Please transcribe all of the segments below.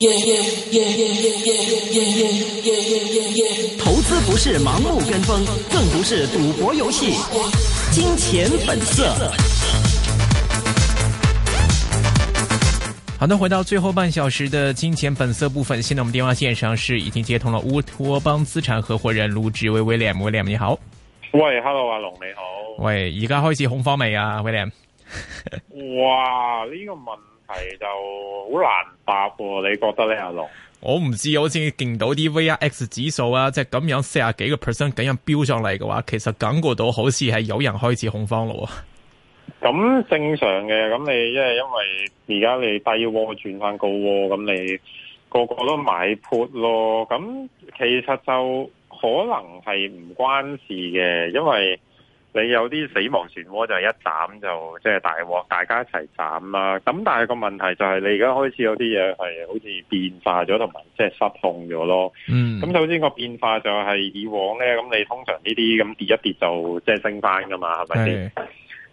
耶耶耶耶耶耶耶耶耶耶耶！投資不是盲目跟風，更不是賭博遊戲。金錢本色。好的，回到最後半小時的金錢本色部分。現在我們電話線上是已經接通了烏托邦資產合夥人盧志威，威廉。威廉你好。喂，Hello 阿龍你好。喂，而家開始紅方未啊，威廉哇，呢個問。係就好難答、啊，你覺得呢，阿龍？我唔知，我先見到啲 VIX 指數啊，即係咁樣四十幾個 percent 咁樣飆上嚟嘅話，其實感覺到好似係有人開始恐慌咯、啊。咁正常嘅，咁你因為因為而家你低窩轉翻高窩，咁你個個都買 put 咯。咁其實就可能係唔關事嘅，因為。你有啲死亡漩渦就係一斬就即係大鑊，大家一齊斬啦。咁但係個問題就係你而家開始有啲嘢係好似變化咗，同埋即係失控咗咯。嗯。咁首先個變化就係以往咧，咁你通常呢啲咁跌一跌就即係升翻噶嘛，係咪先？係。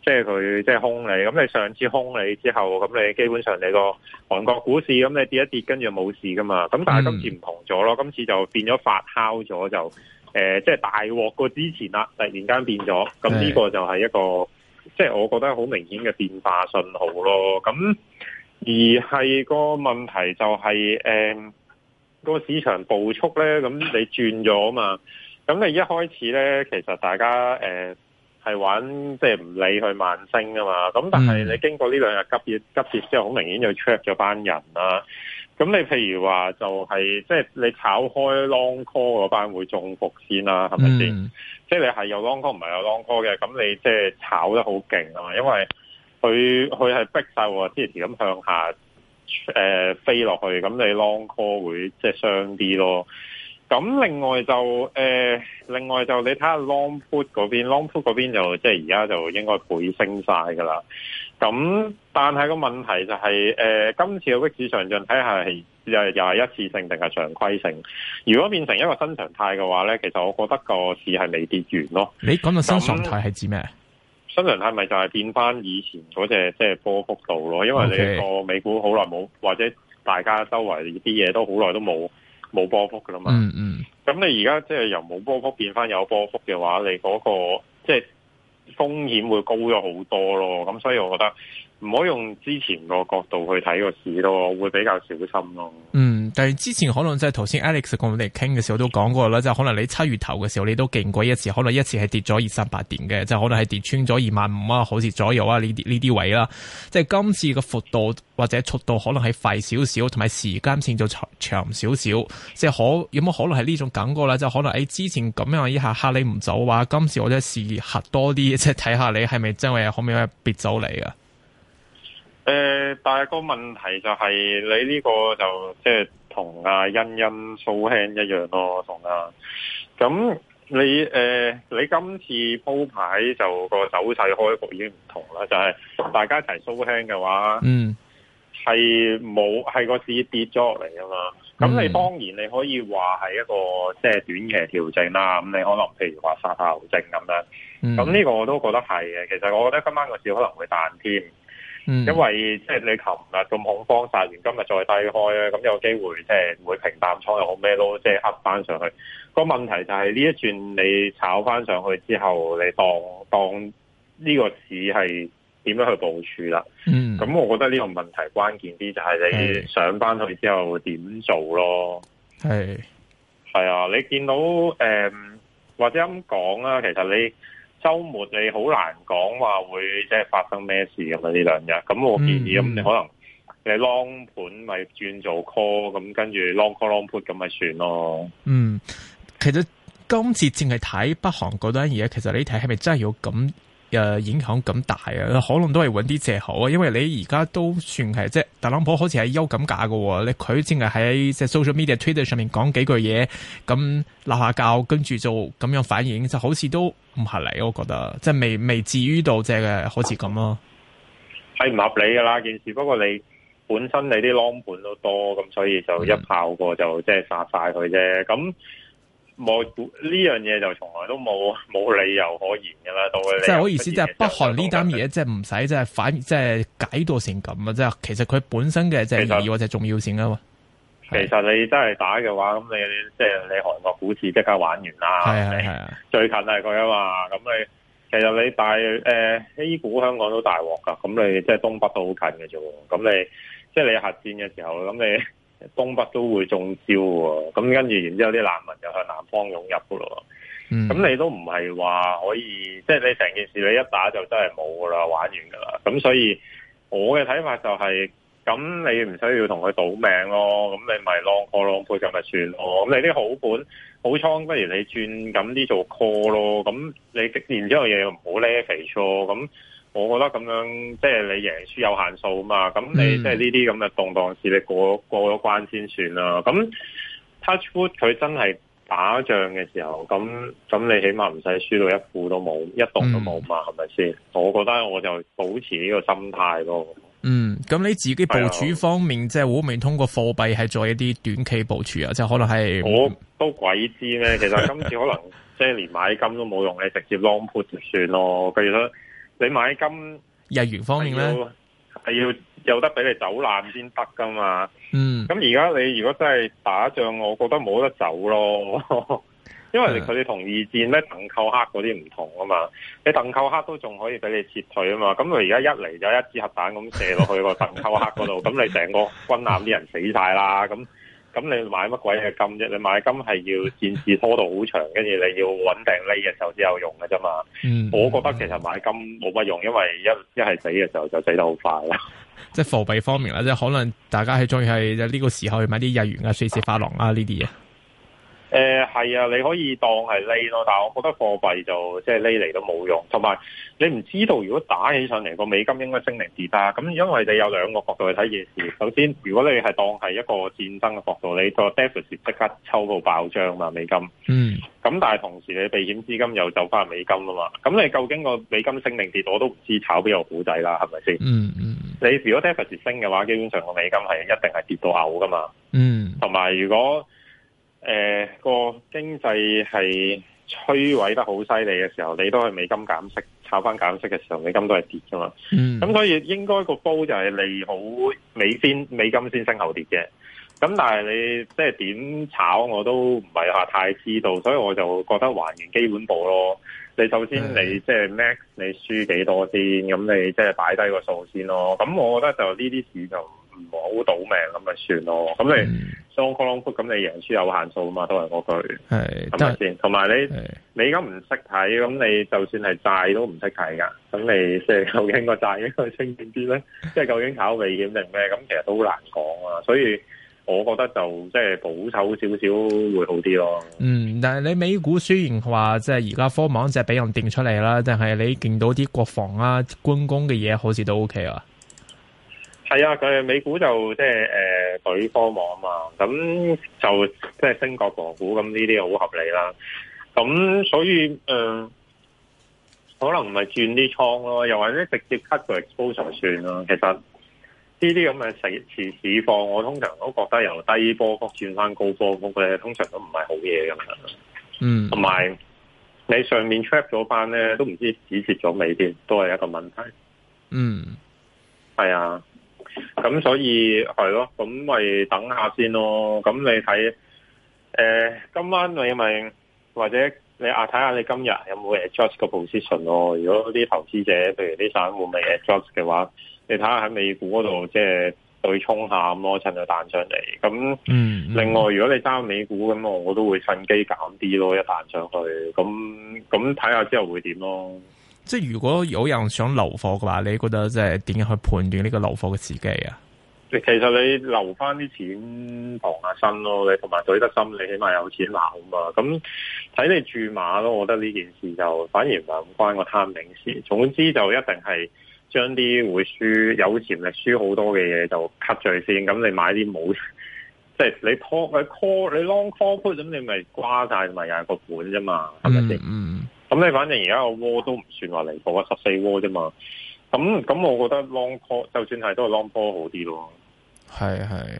即係佢即係空你，咁你上次空你之後，咁你基本上你個韓國股市咁，你跌一跌跟住冇事噶嘛。咁但係今次唔同咗咯，嗯、今次就變咗發酵咗就。誒，即係、呃就是、大鑊過之前啦，突然間變咗，咁呢個就係一個，即、就、係、是、我覺得好明顯嘅變化信號咯。咁而係個問題就係、是，誒、呃，個市場步速咧，咁你轉咗嘛？咁你一開始咧，其實大家誒係、呃、玩，即係唔理佢慢升㗎嘛。咁但係你經過呢兩日急跌急跌之後，好明顯就 check 咗班人啦、啊。咁你譬如話就係、是、即係你炒開 long call 嗰班會中伏先啦、啊，係咪先？Mm. 即係你係有 long call 唔係有 long call 嘅，咁你即係炒得好勁啊嘛，因為佢佢係逼曬即支持咁向下誒、呃、飛落去，咁你 long call 會即係傷啲咯。咁另外就誒、呃，另外就你睇下 Long Put 嗰邊，Long Put 嗰邊就即係而家就應該倍升曬噶啦。咁但係個問題就係、是、誒、呃、今次嘅股指上進睇下係又又係一次性定係常規性？如果變成一個新常態嘅話咧，其實我覺得個市係未跌完咯。你講到新常態係指咩？新常態咪就係變翻以前嗰隻即係波幅度咯，因為你個美股好耐冇，或者大家周圍啲嘢都好耐都冇。冇波幅噶啦嘛，咁、嗯嗯、你而家即係由冇波幅變翻有波幅嘅話，你嗰、嗰個即係、即係、風險會高咗好多咯。咁所以我覺得唔可以用之前個角度去睇個市咯，我會比較小心咯。嗯。但係之前可能即係頭先 Alex 同我哋傾嘅時候都講過啦，就是、可能你七月頭嘅時候你都勁過一次，可能一次係跌咗二三八點嘅，就是、可能係跌穿咗二萬五啊，好似左右啊呢啲呢啲位啦。即、就、係、是、今次嘅幅度或者速度可能係快少少，同埋時間線就長少少。即係、就是、可有冇可能係呢種感覺啦？就是、可能誒之前咁樣一下吓你唔走啊，今次我真係試吓多啲，即係睇下你係咪真係可唔可以入別走嚟啊？誒、呃，但係個問題就係、是、你呢個就即係。同啊，欣欣蘇輕、so、一樣咯，同啊。咁你誒，你今次鋪牌就個走勢開局已經唔同啦，就係、是、大家一齊蘇輕嘅話，嗯，係冇係個市跌咗落嚟啊嘛。咁你當然你可以話係一個即係短期調整啦。咁你可能譬如話殺頭證咁樣，咁呢、嗯、個我都覺得係嘅。其實我覺得今晚個市可能會彈添。嗯、因為即係、就是、你琴日咁恐慌晒完，今日再低開咧，咁有機會即係唔會平淡倉又好咩咯，即係挾翻上去。個問題就係呢一轉你炒翻上去之後，你當當呢個市係點樣去部署啦？嗯，咁我覺得呢個問題關鍵啲就係你上翻去之後點做咯。係係啊，你見到誒、呃，或者咁講啊，其實你。周末你好難講話會即係發生咩事咁啊！呢兩日咁我建議咁你、嗯嗯、可能誒、嗯、long 盤咪轉做 call 咁，跟住 long call long put 咁咪算咯。嗯，其實今次淨係睇北韓嗰單嘢，其實你睇係咪真係要咁？誒，影響咁大啊，可能都係揾啲借口啊。因為你而家都算係即係特朗普好假，好似係優感價嘅喎。你佢只係喺即係 social media Twitter 上面講幾句嘢，咁鬧下交，跟住就咁樣反應，就好似都唔合理。我覺得即係未未至於到即嘅好似咁咯，係唔合理噶啦件事。不過你本身你啲 long 盤都多，咁所以就一炮過就即係殺晒佢啫。咁、嗯。冇呢樣嘢就從來都冇，冇理由可言噶啦，到佢。即係我意思，即係北韓呢單嘢，即係唔使，即係反，即係解到成咁啊！即係其實佢本身嘅即係意義或者重要性啊嘛。其實你真係打嘅話，咁你即係你韓國股市即刻玩完啦。係啊係啊，最近係佢啊嘛。咁你其實你大誒 A 股香港都大鑊噶，咁你即係東北都好近嘅啫。咁你即係你核戰嘅時候，咁你。東北都會中招喎，咁跟住然之後啲難民就向南方湧入噶咯，咁、嗯、你都唔係話可以，即、就、係、是，你成件事你一打就真係冇噶啦，玩完噶啦，咁所以我嘅睇法就係、是，咁你唔需要同佢賭命咯，咁你咪浪 o 浪 g 就咪算咯，咁你啲好盤好倉不如你轉咁啲做 call 咯，咁你然之後嘢又唔好 l 其 v 咗，咁。我覺得咁樣，即係你贏輸有限數嘛，咁你即係呢啲咁嘅動蕩事，你過過咗關先算啦。咁 Touchwood 佢真係打仗嘅時候，咁咁你起碼唔使輸到一股都冇，一動都冇嘛，係咪先？我覺得我就保持呢個心態咯。嗯，咁你自己部署方面，哎、呀即係好明通過貨幣係做一啲短期部署啊？即係可能係我都鬼知咩？其實今次可能 即係連買金都冇用，你直接 long put 就算咯，跟住咧。你買金日元方面咧，係要，要有得俾你走難先得噶嘛。嗯，咁而家你如果真係打仗，我覺得冇得走咯， 因為佢哋同二戰咧鄧扣克嗰啲唔同啊嘛。你鄧扣克都仲可以俾你撤退啊嘛。咁佢而家一嚟就一支核彈咁射落去個 鄧扣克嗰度，咁你成個軍艦啲人死晒啦咁。咁、嗯、你買乜鬼嘅金啫？你買金係要戰事拖到好長，跟住你要穩定 l 嘅時候先有用嘅啫嘛。嗯、我覺得其實買金冇乜用，因為一一係死嘅時候就死得好快啦。即係貨幣方面啦，即係可能大家係鍾意喺呢個時候買啲日元啊、瑞士法郎啊呢啲嘢。誒，係、呃、啊，你可以當係匿咯，但係我覺得貨幣就即係匿嚟都冇用，同埋你唔知道如果打起上嚟個美金應該升定跌啊？咁因為你有兩個角度去睇夜市。首先，如果你係當係一個戰爭嘅角度，你個 deficit 即刻抽到爆漲嘛，美金。嗯。咁但係同時你避險資金又走翻美金啦嘛，咁你究竟個美金升定跌，我都唔知炒邊個股仔啦，係咪先？嗯嗯。你如果 deficit 升嘅話，基本上個美金係一定係跌到嘔噶嘛。嗯。同埋如果。誒，呃，那個經濟係摧毀得好犀利嘅時候，你都係美金減息，炒翻減息嘅時候，美金都係跌噶嘛。咁、嗯、所以應該個煲就係利好美先，美金先升後跌嘅。咁但係你即係點炒，我都唔係話太知道，所以我就覺得還原基本步咯。你首先你即係 Max，你輸幾多先，咁你即係擺低個數先咯。咁我覺得就呢啲市就。唔好賭命咁咪算咯，咁你雙科倉股咁你贏輸有限數啊嘛，都係嗰句。係，是得先。同埋你你而家唔識睇，咁你就算係債都唔識睇噶。咁你即係究竟個債應該清點啲咧？即係 究竟炒避險定咩？咁其實都好難講啊。所以我覺得就即係保守少少會好啲咯。嗯，但係你美股雖然話即係而家科網就係俾人掟出嚟啦，但係你見到啲國防啊、軍工嘅嘢好似都 OK 啊。係啊，佢美股就即係誒，佢、呃、科網啊嘛，咁就即係升過港股，咁呢啲好合理啦。咁所以誒、呃，可能唔係轉啲倉咯，又或者直接 cut exposure 就算啦。嗯、其實呢啲咁嘅市市市況，我通常都覺得由低波幅轉翻高波幅咧，通常都唔係好嘢咁嘛。嗯，同埋你上面 trap 咗翻咧，都唔知止蝕咗未添，都係一個問題。嗯，係啊。咁所以係咯，咁咪等下先咯。咁你睇，誒、呃，今晚你咪或者你啊睇下你今日有冇 adjust 個 position 咯。如果啲投資者，譬如啲散戶未 adjust 嘅話，你睇下喺美股嗰度即係對沖下咁咯，趁佢彈上嚟。咁，嗯，嗯，另外如果你揸美股咁，我都會趁機減啲咯，一彈上去，咁咁睇下之後會點咯。即係如果有人想留貨嘅話，你覺得即係點樣去判斷呢個留貨嘅時機啊？其實你留翻啲錢傍下身咯，你同埋對得心，你起碼有錢拿啊嘛。咁睇你注碼咯，我覺得呢件事就反而唔係咁關個貪領事。總之就一定係將啲會輸有潛力輸好多嘅嘢，就 cut 住先。咁你買啲冇，即係你 call 你 call 你 long call put 咁，你咪瓜晒咪又係個本啫嘛，係咪先？嗯。咁你反正而家個窩都唔算話離譜啊，十四窩啫嘛。咁咁，我覺得 long call 就算係都係 long call 好啲咯。係係，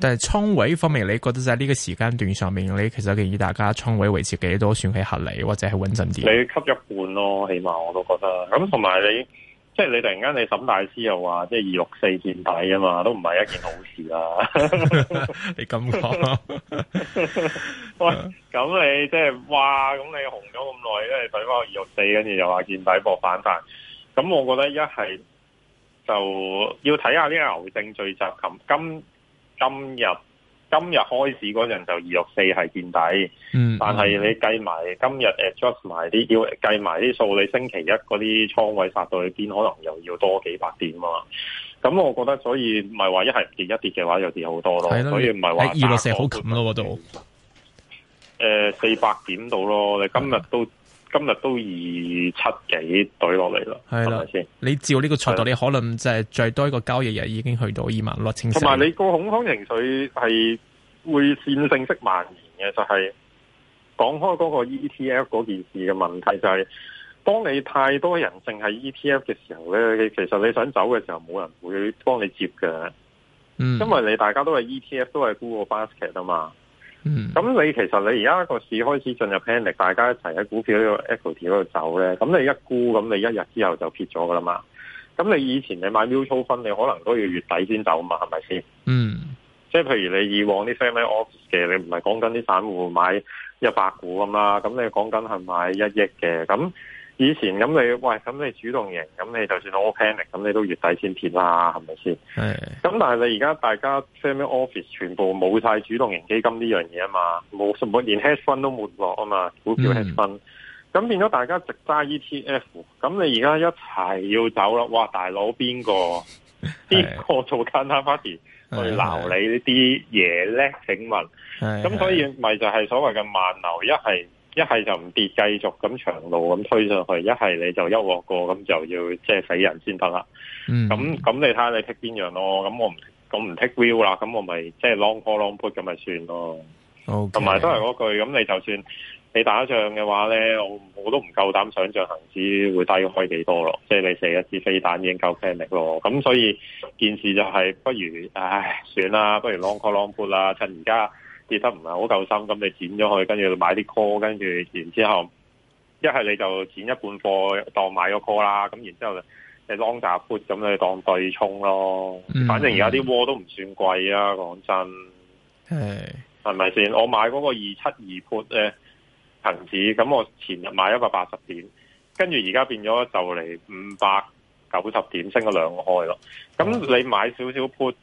但係倉位方面，你覺得喺呢個時間段上面，你其實建議大家倉位維持幾多算係合理，或者係穩陣啲？你吸一半咯，起碼我都覺得。咁同埋你。.即係你突然間，你沈大師又話，即係二六四見底啊嘛，都唔係一件好事啊！你咁講，喂，咁你即係哇，咁你紅咗咁耐，跟住懟翻二六四，跟住又話見底搏反彈，咁我覺得一係就要睇下呢個牛證聚集咁，今今日。今日開始嗰陣就二六四係見底，嗯、但係你計埋、嗯、今日 adjust 埋啲，要計埋啲數，你星期一嗰啲倉位殺到去邊，可能又要多幾百點啊嘛！咁我覺得，所以唔係話一係唔跌一跌嘅話就跌多多，又跌好多咯。所以唔係話二六四好近咯，都誒四百點到咯。你今日都。嗯今日都二七幾懟落嚟喇，係啦的，先吧你照呢個趨勢，你可能就係最多一個交易日已經去到二萬六千四。同埋你個恐慌情緒係會線性式蔓延嘅，就係、是、講開嗰個 ETF 嗰件事嘅問題、就是，就係當你太多人淨係 ETF 嘅時候咧，其實你想走嘅時候冇人會幫你接嘅，嗯，因為你大家都係 ETF 都係 Google Basket 啊嘛。嗯，咁你其實你而家個市開始進入 panic，大家一齊喺股票呢個 equity 嗰度走咧，咁你一沽，咁你一日之後就跌咗噶啦嘛。咁你以前你買 mutual fund 你可能都要月底先走啊嘛，係咪先？嗯，即係譬如你以往啲 family office 嘅，你唔係講緊啲散戶買一百股咁啦，咁你講緊係買一億嘅咁。以前咁你喂，咁你主動型，咁你就算 all panic 咁你都月底先貼啦，係咪先？咁是的 但係你而家大家 family office 全部冇晒主動型基金呢樣嘢啊嘛，冇，甚至連 hedge fund 都沒落啊嘛，股票 hedge fund。咁、嗯、變咗大家直揸 ETF，咁你而家一齊要走啦！哇大佬邊個邊 是的 個做 c a party 是的 去鬧你呢啲嘢咧？請問，咁所以咪就係所謂嘅慢流一係，一係就唔跌，繼續咁長路咁推上去；一係你就一鑊過，咁就要即係、就是、死人先得啦。咁咁、mm hmm. 你睇下你剔邊樣咯。咁我唔咁唔剔 view 啦，咁我咪即係 long call long put 咁咪算咯。同埋 Okay. 都係嗰句，咁你就算你打仗嘅話咧，我我都唔夠膽想像恆指會低開幾多咯。即、就、係、是、你射一支飛彈已經夠驚力咯。咁所以件事就係不如唉算啦，不如 long call long put 啦。趁而家。跌得唔係好夠深，咁你剪咗去，跟住買啲 call，跟住然之後，一係你就剪一半貨當買個 call 啦，咁然之後你 long 紮 put 咁你當對沖咯。反正而家啲波都唔算貴啊，講真。係係咪先？我買嗰個二七二 put 咧，層紙，咁我前日買一百八十點，跟住而家變咗就嚟五百九十點，升咗兩個開咯。咁你買少少 put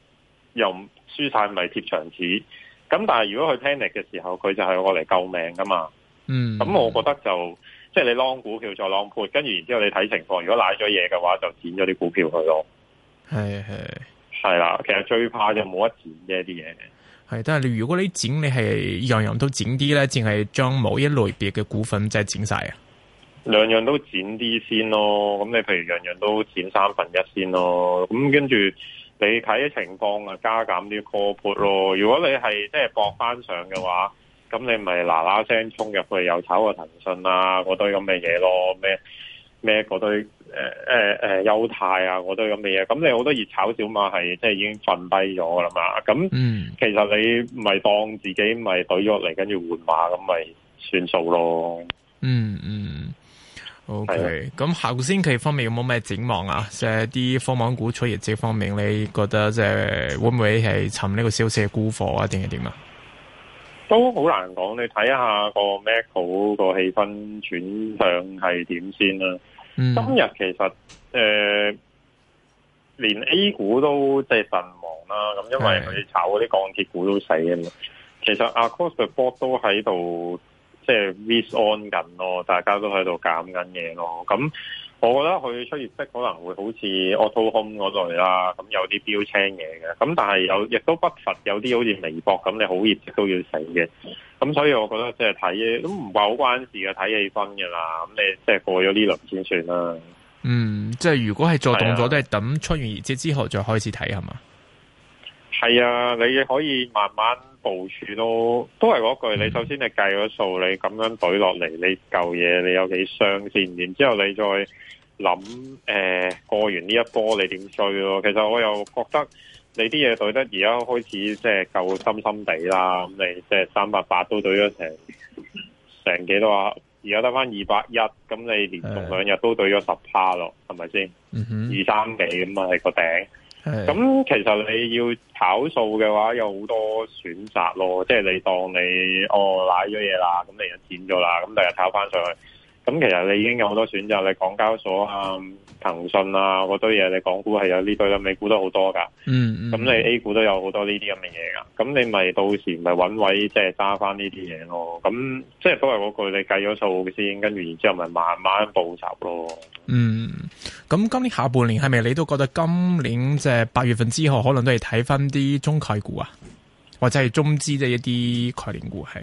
又唔輸晒咪貼牆紙？咁但係如果佢 panic 嘅時候，佢就係我嚟救命噶嘛。嗯。咁、嗯、我覺得就即係你 long 股票再 long 盤，跟住然之後你睇情況。如果賴咗嘢嘅話，就剪咗啲股票佢咯。係係係啦，其實最怕就冇得剪啫啲嘢。係，但係如果你剪，你係樣樣都剪啲咧，淨係將某一類別嘅股份即係剪晒啊？兩樣都剪啲先咯。咁你譬如樣樣都剪三分一先咯。咁跟住。你睇情況啊，加減啲 call put 咯。如果你係即係搏翻上嘅話，咁你咪嗱嗱聲衝入去，又炒個騰訊啊，嗰堆咁嘅嘢咯，咩咩嗰堆誒誒誒優貸啊，嗰堆咁嘅嘢。咁你好多熱炒小馬係即係已經瞓低咗啦嘛。咁、嗯、其實你咪當自己咪倒咗落嚟，跟住換馬咁咪算數咯。嗯嗯。嗯。O K. 咁下個星期方面有冇咩展望啊？即係啲科網股出業績方面，你覺得即係會唔會係趁呢個消息沽貨啊？定係點啊？都好難講，你睇下個 Macro 個氣氛轉向係點先啦。嗯、今日其實誒、呃，連 A 股都即係陣亡啦。咁因為佢炒嗰啲鋼鐵股都死啊嘛。其實 across the board 都喺度。即係 miss on 緊咯，大家都喺度減緊嘢咯。咁、嗯、我覺得佢出業績可能會好似 auto home 嗰類啦，咁、嗯、有啲標青嘢嘅。咁、嗯、但係有亦都不乏有啲好似微博咁，你好業績都要死嘅。咁、嗯、所以我覺得即、嗯、係睇，嘢，都唔話好關事嘅，睇氣氛噶啦。咁你即係過咗呢輪先算啦。嗯，即係、嗯、如果係做動作，都係、啊、等出完業績之後再開始睇，係嘛？係啊，你可以慢慢。部署都都係嗰句，你首先你計咗數，你咁樣懟落嚟，你舊嘢你有幾傷先？然之後你再諗，誒、呃、過完呢一波你點追咯？其實我又覺得你啲嘢懟得而家開始即係夠深深地啦。咁你即係三百八都懟咗成成幾多啊？而家得翻二百一，咁你連續兩日都懟咗十趴咯，係咪先？二三幾咁啊，係個頂。咁其實你要炒數嘅話，有好多選擇咯。即係你當你哦，買咗嘢啦，咁你就跌咗啦，咁第日炒翻上去。咁其實你已經有好多選擇，你港交所啊、騰訊啊嗰堆嘢，你港股係有呢堆咁，美股都好多噶。嗯。嗯嗯。咁你 A 股都有好多呢啲咁嘅嘢噶，咁你咪到時咪揾位即係揸翻呢啲嘢咯。咁即係都係嗰句，你計咗數先，跟住然之後咪慢慢補集咯。嗯。咁今年下半年係咪你都覺得今年即係八月份之後，可能都係睇翻啲中概股啊，或者係中資嘅一啲概念股係？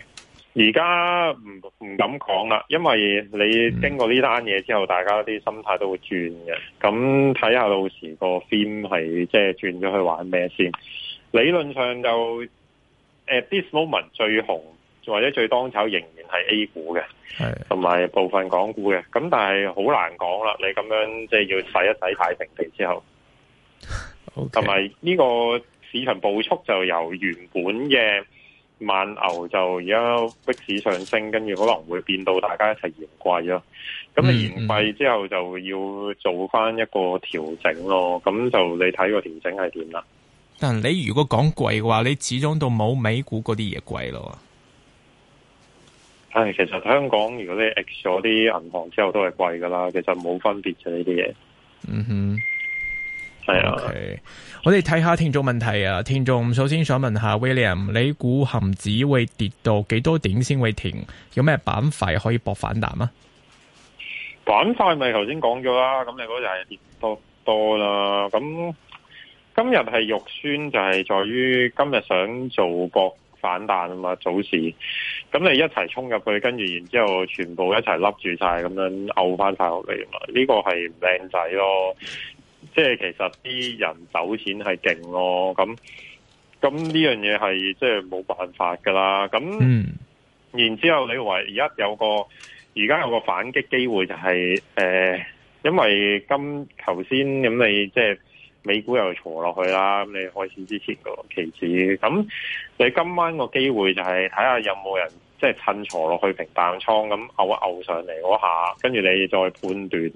而家唔唔敢講啦，因為你經過呢單嘢之後，大家啲心態都會轉嘅。咁睇下到時個 theme 係即係轉咗去玩咩先？理論上就 At this moment 最紅或者最當炒仍然係 A 股嘅，同埋的部分港股嘅。咁但係好難講啦，你咁樣即係要洗一洗太平地之後，同埋呢個市場暴速就由原本嘅。慢牛就而家逼市上升，跟住可能會變到大家一齊嫌貴咯。咁你嫌貴之後就要做翻一個調整咯。咁就你睇個調整係點啦？但你如果講貴嘅話，你始終都冇美股嗰啲嘢貴咯。係其實香港如果你 ex 咗啲銀行之後都係貴噶啦，其實冇分別就呢啲嘢。嗯哼。係啊，okay, 嗯、我哋睇下聽眾問題啊。聽眾首先想問下 William，你估恒指會跌到幾多點先會停？有咩板塊可以搏反彈啊？板塊咪頭先講咗啦，咁你嗰日跌多多啦。咁今日係肉酸就係、是、在於今日想做搏反彈啊嘛，早市。咁你一齊衝入去，跟住然之後全部一齊笠住晒，咁樣嘔翻晒落嚟啊嘛。呢、這個係靚仔咯。即係其實啲人走錢係勁咯，咁咁呢樣嘢係即係冇辦法噶啦。咁、嗯、然之後你唯一有個而家有個反擊機會就係、是、誒、呃，因為今頭先咁你即係美股又挫落去啦，咁你開始之前，個期指。咁你今晚個機會就係睇下有冇人即係趁挫落去平單倉咁嘔一嘔上嚟嗰下，跟住你再判斷。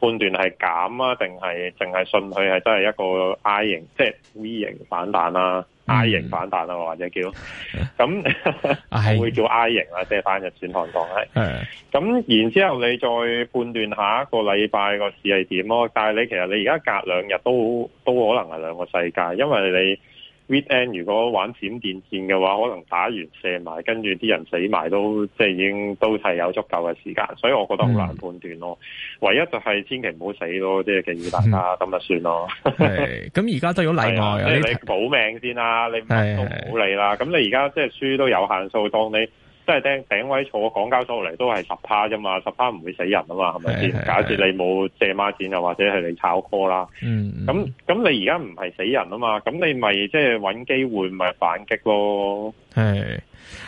判斷係減啊，定係淨係信佢係真係一個 I 型，即係 V 型反彈啦，嗯，I 型反彈啊，或者叫咁 會叫 I 型啦，即係翻入轉行當係。咁的然之後你再判斷下一個禮拜個市係點咯？但係你其實你而家隔兩日都都可能係兩個世界，因為你。V N 如果玩閃電戰嘅話，可能打完射埋，跟住啲人死埋都即係已經都係有足夠嘅時間，所以我覺得好難判斷咯。嗯、唯一就係千祈唔好死咯，即係建議大家咁就算咯。咁而家都有例外啊！就係、你保命先啦、啊，你唔好理啦。咁是是 你而家即係輸都有限數，當你。即係頂頂位坐港交所嚟都係十趴啫嘛，十趴唔會死人啊嘛，係咪先？假設你冇借孖展又或者係你炒科啦、嗯，咁咁你而家唔係死人啊嘛，咁你咪即係搵機會咪反擊咯？係誒、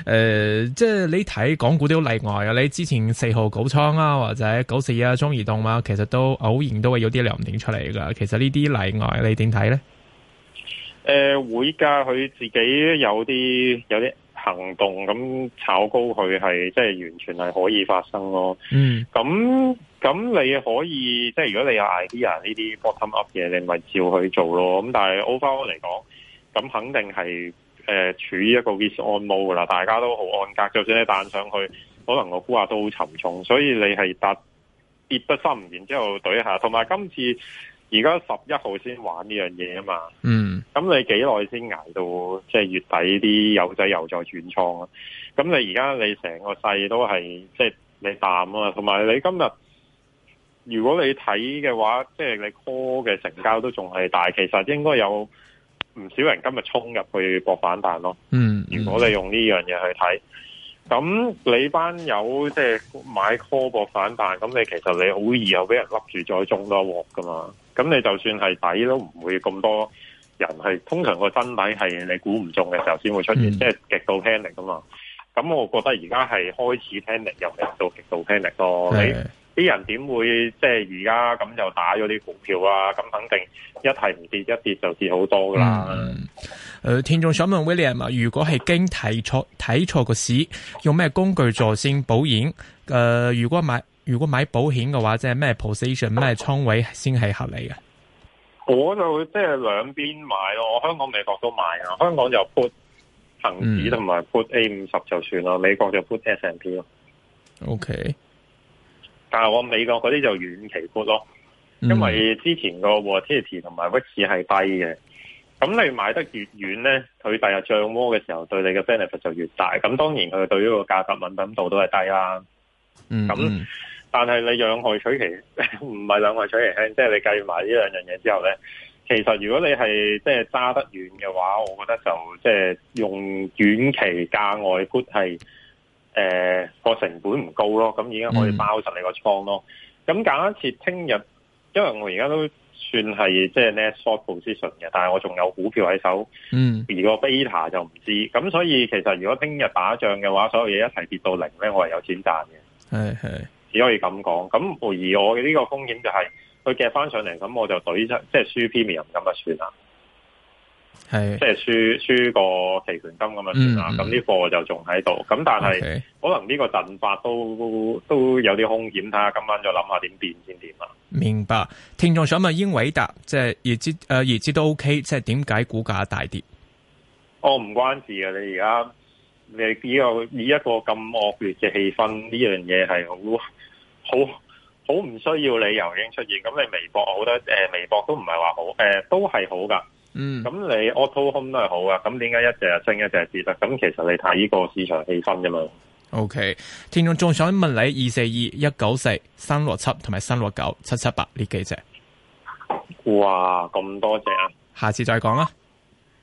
呃，即係你睇港股都有例外啊！你之前四號九倉啦，或者九四啊、中移動啊，其實都偶然都會有啲亮點出嚟噶。其實呢啲例外你點睇咧？誒、呃，會噶，佢自己有啲有啲。行動咁炒高佢係即係完全係可以發生咯。嗯，咁咁你可以即係如果你有 idea 呢啲 bottom up 嘢，你咪照去做咯。咁但係 overall 嚟講，咁肯定係誒、呃、處於一個 risk on mode 噶啦。大家都好按格，就算你彈上去，可能個沽壓都好沉重。所以你係跌，跌不深，然之後對沖一下，同埋今次。而家十一號先玩呢樣嘢啊嘛，嗯，咁你幾耐先挨到即係月底啲友仔又再轉倉啊？咁你而家你成個世都係即係你淡啊嘛，同埋你今日如果你睇嘅話，即係你 call 嘅成交都仲係大，其實應該有唔少人今日衝入去搏反彈咯嗯。嗯，如果你用呢樣嘢去睇，咁你班友即係買 call 搏反彈，咁你其實你好易又俾人笠住再中多鑊噶嘛。咁你就算係底都唔會咁多人係，通常個真底係你估唔中嘅時候先會出現，即係、嗯、極度 panic 噶嘛。咁我覺得而家係開始 panic 又嚟到極度 panic 咯。啲的、欸、人點會即係而家咁就打咗啲股票啊？咁肯定一係唔跌，一跌就跌好多噶啦。誒、嗯呃，聽眾想問 William 啊，如果係經睇錯睇錯個市，用咩工具做先保險？誒，如果買？如果買保險嘅話，即係咩 position 咩倉位先係合理嘅？我就即係兩邊買咯，我香港、美國都買啊。香港就 put 恒指同埋 put A 五十，就算啦，嗯、美國就 put S and P 咯。OK，但係我美國嗰啲就遠期 put 咯，因為之前個 Volatility 同埋 Vix 係低嘅。咁你買得越遠咧，佢第日漲窩嘅時候，對你嘅 benefit 就越大。咁當然佢對於個價格敏感度都係低啦。嗯、嗯，咁。但係你兩害取其唔係兩害取其輕，即、就、係、係、你計埋呢兩樣嘢之後咧，其實如果你係即係揸得遠嘅話，我覺得就即係用短期價外 put 係誒個成本唔高咯，咁已經可以包實你個倉咯。咁、嗯、假設聽日，因為我而家都算係即係 net short position 嘅，但係我仲有股票喺手，嗯、而個 beta 就唔知道。咁所以其實如果聽日打仗嘅話，所有嘢一齊跌到零咧，我係有錢賺嘅。係係只可以咁講，咁而我嘅呢個風險就係、是、佢夾翻上嚟，咁我就對即係輸 premium 咁就算啦，係即係輸輸個期權金咁啊算啦，咁啲、嗯、貨就仲喺度，咁但係可能呢個陣法都都有啲風險，睇下今晚就諗下點變先點啊。明白，聽眾想問英偉達，即係業績誒業績都 OK，即係點解股價大跌？我唔、哦、關事㗎，你而家。你以有以一個咁惡劣嘅氣氛，呢樣嘢，係好好好唔需要理由已經出現。咁你微博好多得誒、呃，微博都唔係話好誒、呃，都係好噶嗯，咁你 auto home 都係好噶咁點解一隻升一隻跌？咁其實你睇呢個市場氣氛噶嘛。OK，聽眾仲想問你二四二一九四三六七同埋三六九七七八呢幾隻？哇，咁多隻啊！下次再講啦。